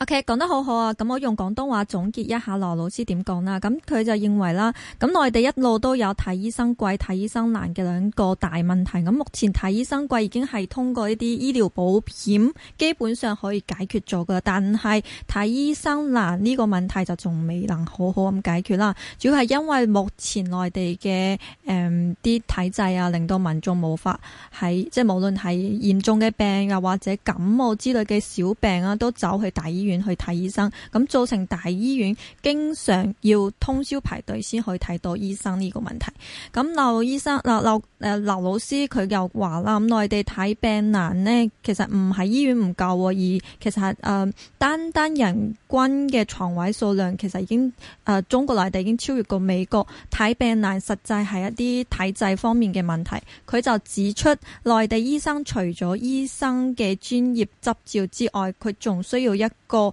OK，講得好好啊！咁我用廣東話總結一下羅老師點講啦。咁佢就認為啦，咁內地一路都有睇醫生貴、睇醫生難嘅兩個大問題，咁目前睇醫生貴已經係通過呢啲醫療保險基本上可以解決咗噶。但係睇醫生難呢個問題就仲未能好好咁解決啦。主要係因為目前內地嘅誒啲體制啊，令到民眾無法喺即係無論係嚴重嘅病啊，或者感冒之類嘅小病啊，都走去大院去睇醫生，咁造成大醫院經常要通宵排隊先去睇到醫生呢個問題。咁劉醫生，劉劉。誒劉老師佢又話啦，內地睇病難呢，其實唔係醫院唔夠喎，而其實誒、呃、單單人均嘅床位數量其實已經誒、呃、中國內地已經超越過美國睇病難，實際係一啲體制方面嘅問題。佢就指出，內地醫生除咗醫生嘅專業執照之外，佢仲需要一個誒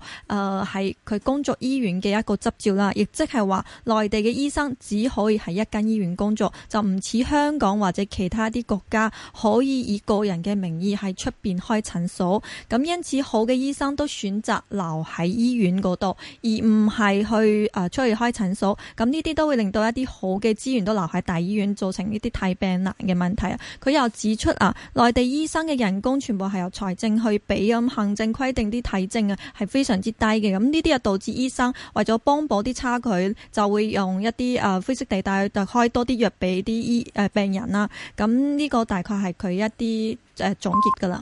喺佢工作醫院嘅一個執照啦，亦即係話內地嘅醫生只可以喺一間醫院工作，就唔似香港或者。其他啲國家可以以個人嘅名義喺出邊開診所，咁因此好嘅醫生都選擇留喺醫院嗰度，而唔係去誒、呃、出去開診所。咁呢啲都會令到一啲好嘅資源都留喺大醫院，造成呢啲睇病難嘅問題啊。佢又指出啊，內地醫生嘅人工全部係由財政去俾，咁行政規定啲體徵啊係非常之低嘅。咁呢啲又導致醫生為咗幫補啲差距，就會用一啲誒灰色地帶就開多啲藥俾啲醫、呃、病人啦。啊。咁呢個大概係佢一啲誒總結㗎喇。